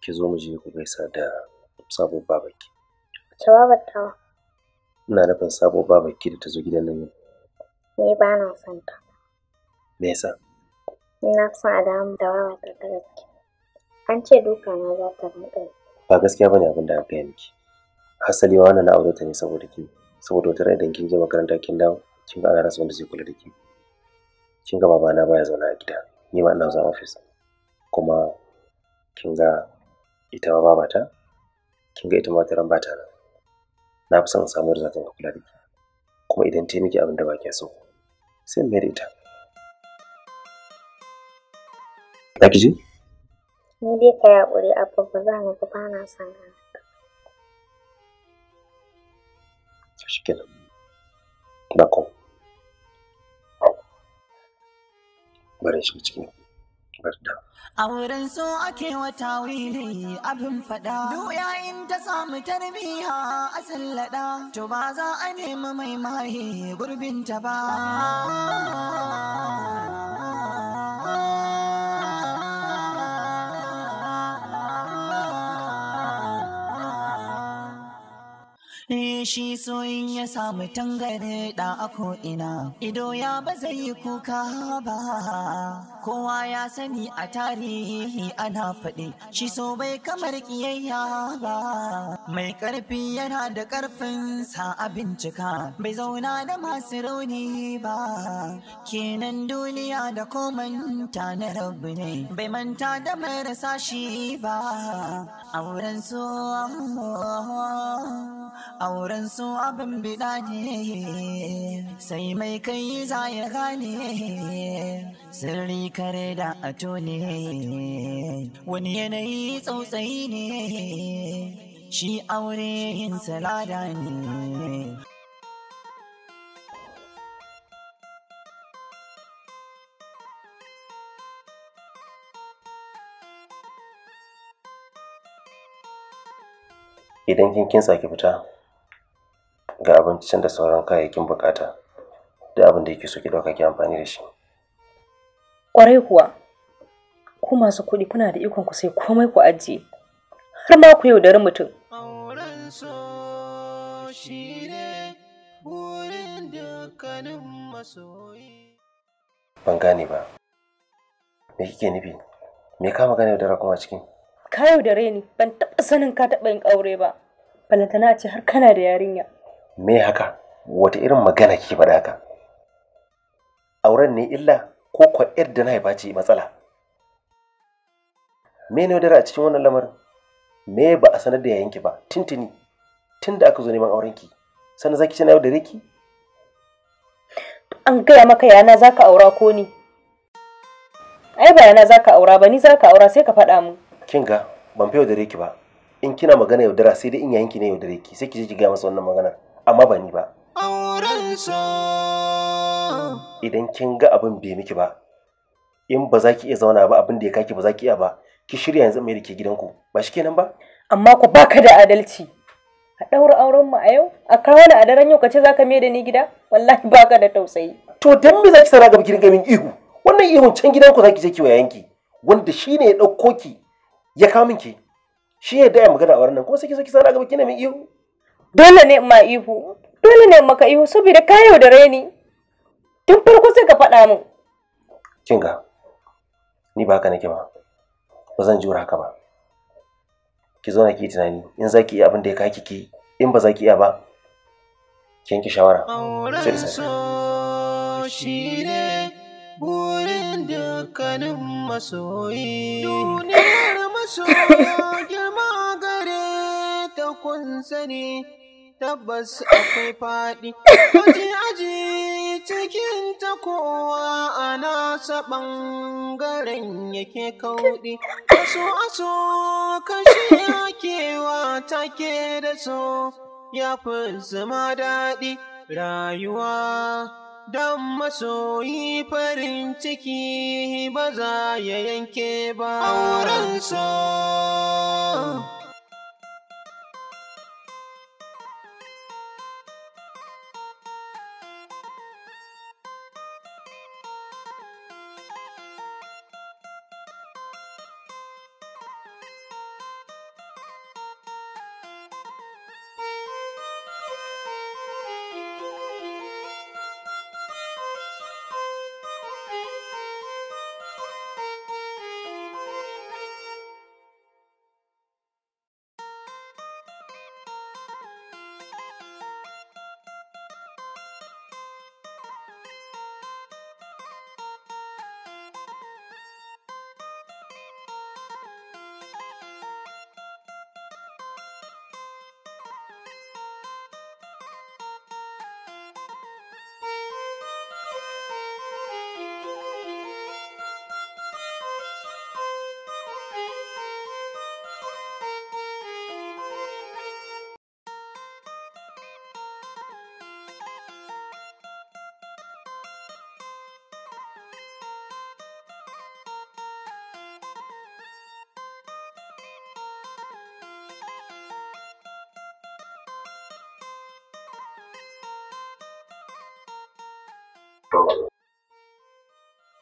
ki zo mu je ku gaisa da sabon babanki wace babar tawa ina nufin sabon babanki da ta zo gidan nan yau ni ba na son ta me yasa ina son a damu da babar ta ta gaske an ce duka na za ta rinƙa ba gaskiya bane abin da aka yi miki hasali wa na aure ta ne saboda ki saboda wata idan kin je makaranta kin dawo kin ga ana rasa wanda zai kula da ki kin ga babana baya zauna a gida ni ma ina zuwa ofis kuma kin ga ita ma babata kin ga ita ma wataran ba ta nan na fi son in samu da za ta kula da ki kuma idan ta miki abin da ba ke so sai in mayar ita na ki ji ni dai ka hakuri a ba za mu ba bana son ka shi kenan ba ko bari shi cikin bari da A wurin su ake wata wili abin faɗa. Duya in ta samu tarbiya a sallada, to ba za a nemi mai maye gurbinta ba. Yeah. shi soyin ya samu tangare da ako ina ido ya ba zai yi kuka ba kowa ya sani a tarihi ana faɗi shi so bai kamar kiyayya ba mai ƙarfi yana da ƙarfin sa a bincika bai zauna da masu rauni ba kenan duniya da komanta na rabu ne bai manta da marasa shi ba auren so, auren Auren su abin bida ne, sai mai kai za ya gane, sirri kare da ato ne, wani yanayi tsautsayi ne, shi aure yin salada ne. idan kin kinsa ki fita ga abincin da sauran kayayyakin bukata da abin da yake so ki dauka ki amfani da shi kwarai kuwa ku masu kuɗi kuna da ikon ku sai komai ku ajiye har ma ku yaudari mutum ban gane ba me kike nufi me ka magana yaudara kuma cikin ka yaudare ni ban taɓa sanin ka taɓa yin aure ba balantana a ce har kana da yarinya me haka wata irin magana ke faɗa haka auren ne illa ko kwa da na haifa ce matsala me ne a cikin wannan lamarin me ba a sanar da yayanki ba tintini tun da aka zo neman aurenki sannan zaki ce yau da riki an gaya maka yana za ka aura ko ni ai ba yana za ka aura ba ni za ka aura sai ka faɗa mu kin ga ban fi yaudare ki ba in kina magana yaudara sai dai in yayin ki ne yaudare ki sai ki je ki gaya masa wannan maganar amma ba ni ba idan kin ga abin bai miki ba in ba za ki iya zauna ba abin da ya kaki ba za ki iya ba ki shirya yanzu mai da ke gidanku ba shi kenan ba amma ku baka da adalci a ɗaura auren mu a yau a kawo ni a daren yau kace ka mai da ni gida wallahi baka da tausayi to dan me ki sara gaba girgamin min ihu wannan ihun can gidanku zaki je ki Wanda yanki wanda ya ɗauko ki ya kawo min ki shi ya daya magana a wurin nan kuma sai ki so ki sara gaba kina min ihu dole ne ma ihu dole ne maka ihu saboda ka yaudare ni tun farko sai ka faɗa min kinga ni ba haka nake ba ba zan jura haka ba ki zo na ki tunani in za ki iya abin da ya kaki ki in ba za ki iya ba ki yanke shawara sai sai burin dukkanin masoyi duniyar masoyi girma gare ta kun sani tabbas akwai faɗi. Aji aji cikin ta kowa a nasa ɓangaren yake kauɗi. Aso aso kashi yakewa take da so ya fi zama daɗi rayuwa. Don masoyi farin ciki ba za ya yanke ba. Auren so.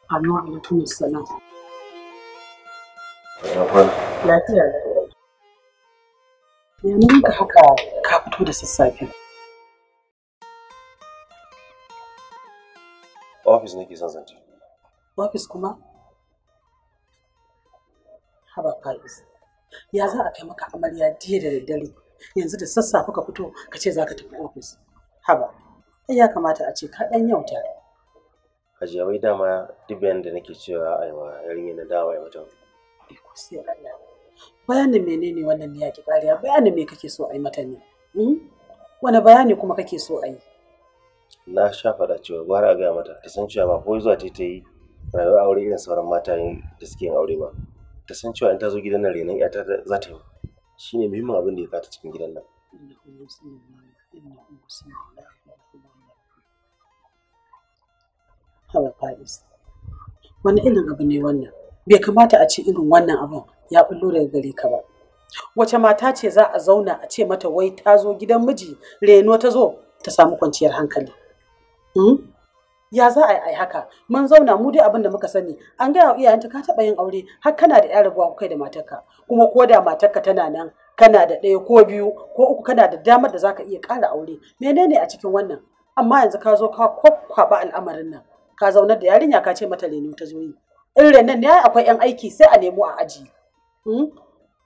Amma alaikum salam. Lafiya Ya nuna haka ka fito da sassafe. Ofis nake son zance. Ofis kuma? Haba Faris. Ya za a kai maka amarya jiya da daddare yanzu da sassafe ka fito ka ce za ka tafi ofis. Haba. Ya kamata a ce ka ɗan yauta. Hajiya wai dama duk bayan da nake cewa a yi wa yarinya na dawa ya mata. Iko sai Allah. Bayanin menene wannan ne ke kariya? Bayanin me kake so a yi mata ne? Hmm? wane bayani kuma kake so a yi? Na sha faɗa cewa gwara a gaya mata ta san cewa ba ko zuwa ta ta yi rayuwar aure irin sauran mata da suke yin aure ba. Ta san cewa in ta zo gidan nan renon ƴata za ta yi. Shi ne muhimmin abin da ya fata cikin gidan nan. hawa faris wani irin abu ne wannan bai kamata a ce irin wannan abu. ya bullo daga gare ka ba wace mata ce za a zauna a ce mata wai ta zo gidan miji reno ta zo ta samu kwanciyar hankali hmm? ya za a yi haka mun zauna mu dai abin da muka sani an gaya wa iyayenta ka taɓa yin aure har kana da yara rabuwa kai da matarka kuma ko da matarka tana nan kana da ɗaya ko biyu ko uku kana da damar da zaka iya ƙara aure menene a cikin wannan amma yanzu ka zo ka kwakwaba al'amarin nan ka zaunar da yarinya ka ce mata lemu ta zo yi in renon ne akwai yan aiki sai a nemo a aji hmm?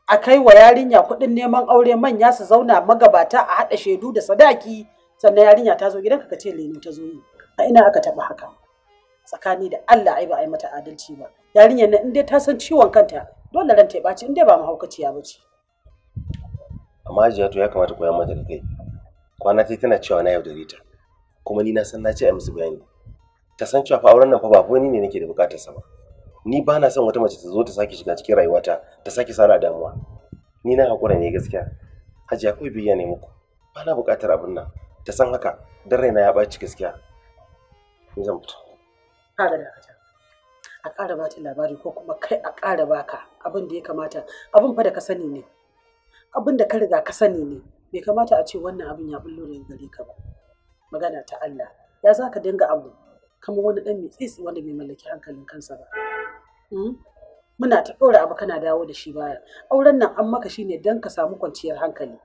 a kai wa yarinya kuɗin neman aure manya su zauna magabata a haɗa shaidu da sadaki sannan yarinya ta zo gidanka ka ce lemu ta zo yi a ina aka taɓa haka tsakani da Allah ai ba a yi mata adalci ba yarinyar nan in dai ta san ciwon kanta dole ran ta ɓaci in dai ba mahaukaciya ba ce amma ajiya to ya kamata koyan mata da kai kwana tana cewa na yaudare ta kuma ni na san na ce a musu bayani ta san cewa fa auren nan fa ba wani ne nake da bukatar sa ba ni ba na son wata mace ta zo ta sake shiga cikin rayuwata ta sake sara damuwa ni na hakura ne gaskiya hajiya kawai biya ne muku ba na bukatar abin nan ta san haka dan raina ya ɓaci gaskiya ni zan fito ka da a ƙara ba ta labari ko kuma kai a ƙara baka abin da ya kamata abin fa da ka sani ne abin da ka riga ka sani ne bai kamata a ce wannan abin ya bullo ne gare ka ba magana ta Allah ya za ka dinga abu kamar wani dan mai tsitsi wanda bai mallaki hankalin kansa ba hmm? muna ta ɗora abu kana dawo da shi baya auren nan an maka shine don ka samu kwanciyar hankali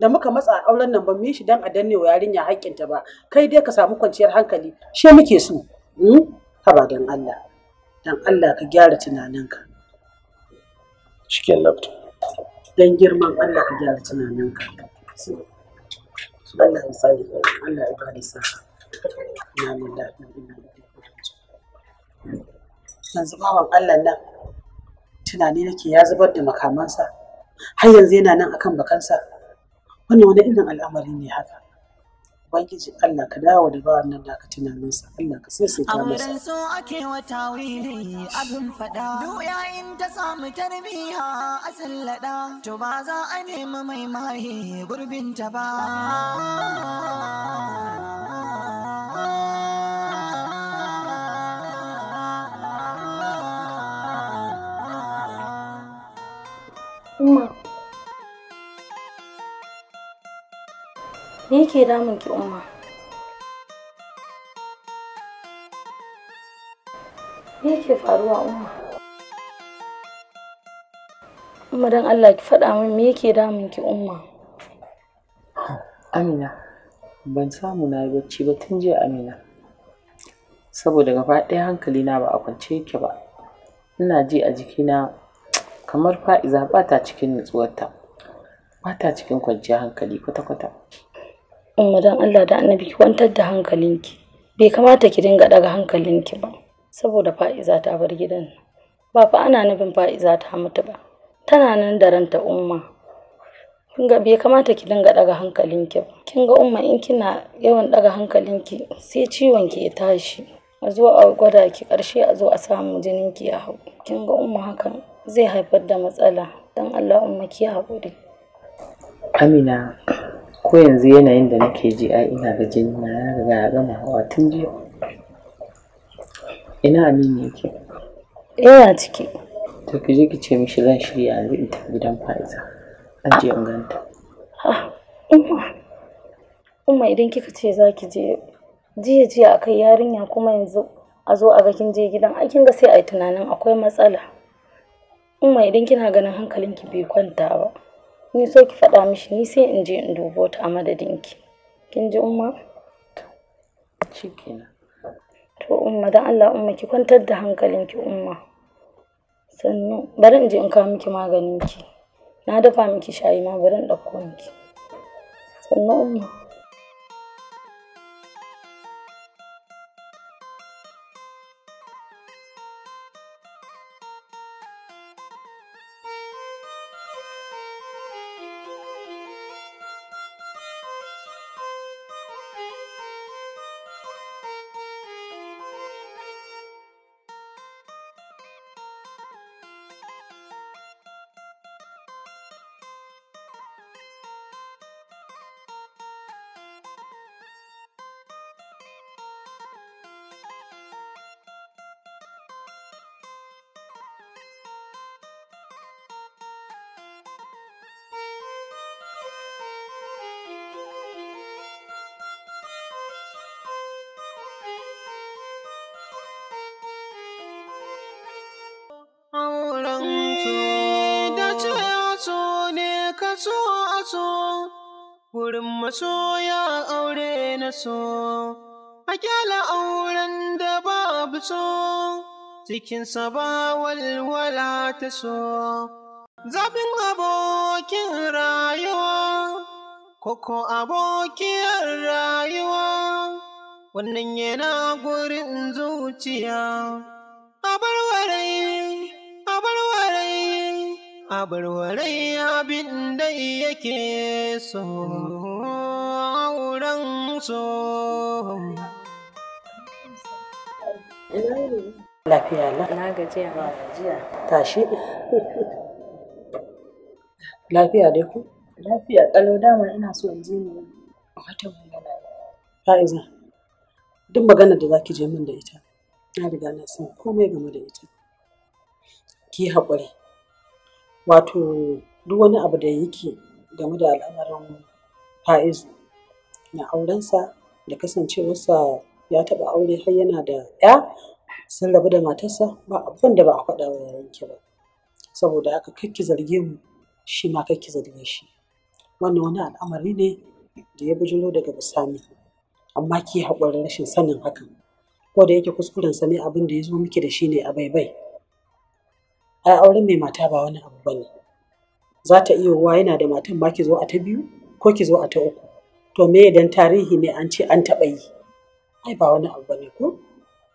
da muka matsa auren nan ban mu shi dan a danne wa yarinya haƙƙinta ba kai dai ka samu kwanciyar hankali she muke so hmm? haba don Allah don Allah ka gyara tunaninka cikin lafto don girman Allah ka gyara tunaninka Allah ya sa Allah ya ba da sa'a Yanzu bawan Allah nan tunani nake ya zubar da makamansa har yanzu yana nan akan bakansa Wani wani irin al'amari ne haka Ubangiji Allah ka dawo da bawan nan da ka tunaninsa Allah ka sai sai ta masa. so ake wata abin fada. Doya in ta samu tarbiya a sallada. To ba za a nemi mai maye gurbin ta ba. me yake damun ki umma me yake faruwa umma umma dan Allah ki faɗa min me yake damun ki umma amina ban samu na bacci ba tun jiya amina saboda gaba ɗaya hankali na ba a kwance yake ba ina ji a jikina kamar fa'iza ba ta cikin nutsuwarta ba ta cikin kwanciyar hankali kwata-kwata Umma don Allah da annabi ki kwantar da hankalinki. Bai kamata ki dinga daga hankalinki ba. Saboda fa'iza ta bar gidan Ba fa ana nufin fa'iza ta mutu ba. Tana nan da ranta umma. Kin ga bai kamata ki dinga daga hankalinki ba. Kin ga umma in kina yawan daga hankalinki sai ciwon ki ya tashi. A zo a gwada ki karshe a zo a samu jinin ki ya hau. Kin ga umma hakan zai haifar da matsala. Dan Allah umma ki haƙuri. Amina ko yanzu yanayin da nake ji ai ina ga jini na ya riga ya gama hawa tun jiya ina amini yake yana eh, ciki to ki je ki ce mishi zan shirya yanzu in tafi gidan fa'iza an je in ganta umma idan kika ce za ki je jiya jiya akai yarinya kuma yanzu a zo a ga kin je gidan ai kin ga sai ai tunanin akwai matsala umma idan kina ganin hankalinki bai kwanta ba ni so ki faɗa mishi ni sai in je in dubo ta a ki kin ji umma to umma dan Allah umma ki kwantar da hankalinki umma sannan bari in je in kawo miki maganin ki na dafa miki shayi ma bari in ɗauko miki sannan umma da ce ne ka so a so, wurin aure na so, a kyala auren da babu so, cikinsa ba walwala ta so. Zafin abokin rayuwa, koko abokiyar rayuwa, wannan yana gurin zuciya, a barwarai a barwarai abin da yake so auren so lafiya na na gajiya gajiya tashi lafiya dai ku lafiya kalau dama ina so in je ne wata magana fa'iza duk magana da za ki je min da ita na riga na san komai game da ita ki haƙuri wato duk wani abu da yake game da al'amarin fa'iz na aurensa da kasancewarsa ya taɓa aure har yana da ya sun rabu da matarsa ba abin da ba a faɗa wa yayanki ba saboda haka kakki zarge mu shi ma kakki zarge shi wannan wani al'amari ne da ya bujuro daga bisani amma ki haƙurin rashin sanin hakan ko da yake kuskurensa ne abin da ya zo miki da shi ne a baibai ai auren mai mata ba wani abu bane za ta iya wa yana da matan ma ki zo a ta biyu ko ki zo a ta uku to me dan tarihi ne an ce an taba yi ai ba wani abu bane ko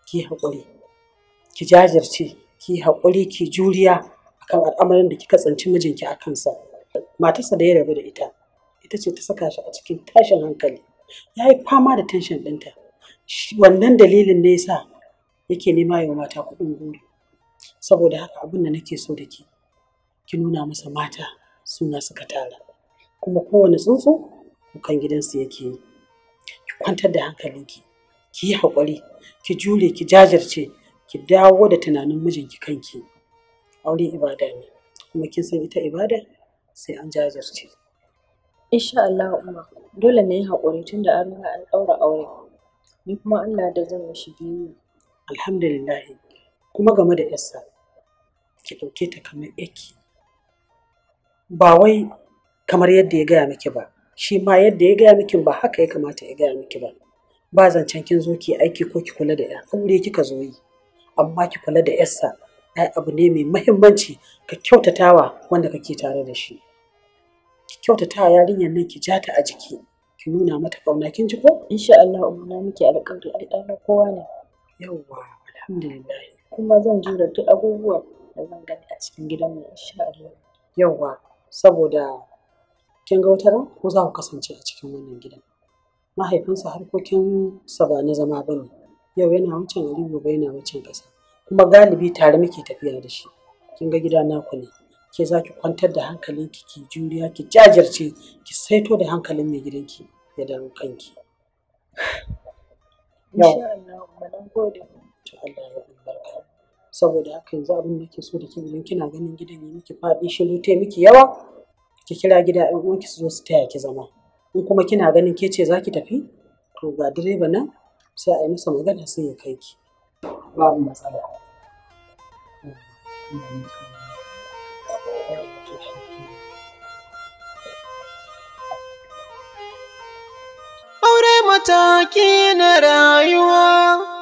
ki hakuri. ki jajirce ki hakuri ki juriya akan al'amarin da kika tsanci mijinki a kansa matarsa da ya rabu da ita ita ce ta saka shi a cikin tashin hankali ya yi fama da tension ɗinta wannan dalilin ne yasa yake nema yi mata kuɗin guri saboda haka abin da nake so da ke ki nuna masa mata suna suka tara kuma kowane tsuntsu kukan gidansu yake yi ki kwantar da hankalinki ki yi hakuri, ki jure ki jajirce ki dawo da tunanin mijinki kanki aure ibada ne kuma kin san ita ibada sai an jajirce insha Allah umma dole ne yi tun da an riga an ɗaura aure ni kuma Allah da zan mishi biyu alhamdulillah kuma game da yarsa ki ɗauke ta kamar yake ba wai kamar yadda ya gaya miki ba shi ma yadda ya gaya miki ba haka ya kamata ya gaya miki ba ba zancen kin zo ki aiki ko ki kula da ƴa aure kika zo yi amma ki kula da yarsa ai abu ne mai mahimmanci ka kyautatawa wanda kake tare da shi ki kyautatawa yarinyar nan ki jata a jiki ki nuna mata kauna kin ji ko insha Allah umma na miki alƙawari ai kowa ne yawwa alhamdulillah kuma zan jura duk abubuwa da zan gani a cikin gidan mu insha Allah saboda kin ga wata ran ko za ku kasance a cikin wannan gidan mahaifinsa harkokin sa ba na zama bane yau yana wancan gari gobe yana wancan kasa kuma galibi tare muke tafiya da shi kin ga gida naku ne ke za ki kwantar da hankalinki ki juriya ki jajirce ki saito da hankalin mai gidanki ya dawo kanki yau Allah ya barka saboda haka yanzu abin da ke so da ke idan kina ganin gidan ya miki faɗi shiru ta miki yawa ki kira gida ɗan uwanki su zo su taya ki zama in kuma kina ganin ke ce za ki tafi to ga direba nan sai a yi masa magana sai ya kai ki babu matsala Aure mataki na rayuwa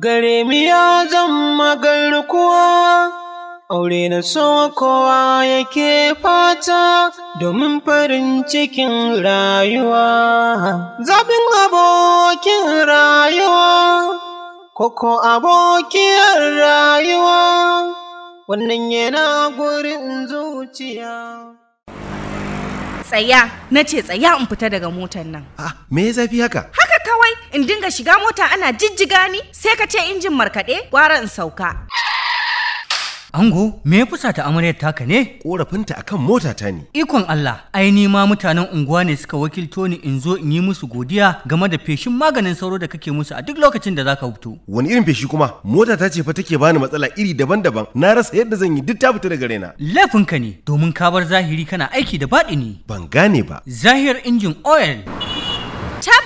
gare mi ya zama garkuwa aure na sowa kowa yake fata domin farin cikin rayuwa zaɓin abokin rayuwa koko abokiyar rayuwa wannan yana gurin zuciya tsaya na ce tsaya in fita daga motar nan ah, me ya zafi haka kawai in dinga shiga mota ana jijjiga ni sai ka ce injin markaɗe gwara in sauka. Ango, me ya fusa ta amaryar taka ne? Ƙorafinta a kan mota ta ne. Ikon Allah, ai ni ma mutanen unguwa ne suka wakilto ni in zo in yi musu godiya game da feshin maganin sauro da kake musu a duk lokacin da za ka fito. Wani irin feshi kuma? Mota ta ce fa take bani matsala iri daban-daban. Na rasa yadda zan yi duk ta fita daga raina. ka ne, domin ka bar zahiri kana aiki da baɗini. Ban gane ba. Zahir injin oil. Tab